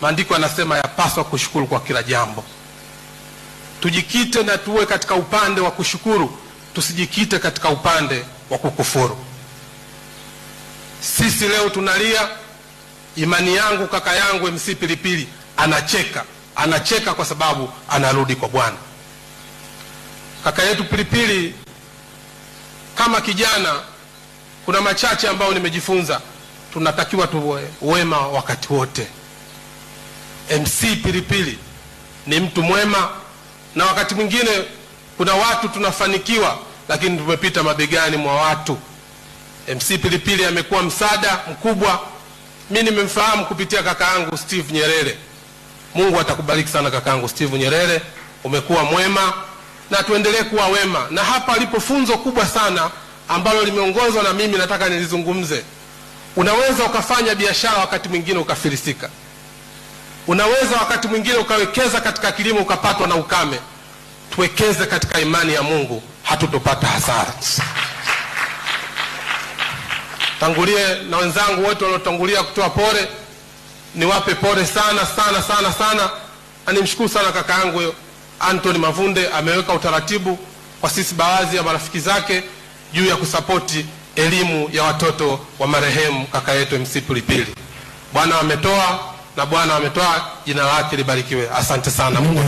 Maandiko yanasema yapaswa kushukuru kwa kila jambo. Tujikite na tuwe katika upande wa kushukuru, tusijikite katika upande wa kukufuru. Sisi leo tunalia, imani yangu kaka yangu MC Pilipili anacheka, anacheka kwa sababu anarudi kwa Bwana. Kaka yetu Pilipili, kama kijana, kuna machache ambayo nimejifunza, tunatakiwa tuwe wema wakati wote. MC Pilipili ni mtu mwema, na wakati mwingine kuna watu tunafanikiwa, lakini tumepita mabegani mwa watu. MC Pilipili amekuwa msaada mkubwa. Mi nimemfahamu kupitia kaka yangu Steve Nyerere. Mungu atakubariki sana kaka yangu Steve Nyerere, umekuwa mwema na tuendelee kuwa wema. Na hapa lipo funzo kubwa sana ambalo limeongozwa na mimi, nataka nilizungumze. Unaweza ukafanya biashara wakati mwingine ukafilisika. Unaweza wakati mwingine ukawekeza katika kilimo ukapatwa na ukame. Tuwekeze katika imani ya Mungu, hatutopata hasara. Tangulie na wenzangu wote waliotangulia kutoa pole, niwape pole sana sana sana sana, na nimshukuru sana kaka yangu Anthony Mavunde, ameweka utaratibu kwa sisi baadhi ya marafiki zake juu ya kusapoti elimu ya watoto wa marehemu kaka yetu MC Pilipili. Bwana ametoa na Bwana ametoa, jina lake libarikiwe. Asante sana Mungu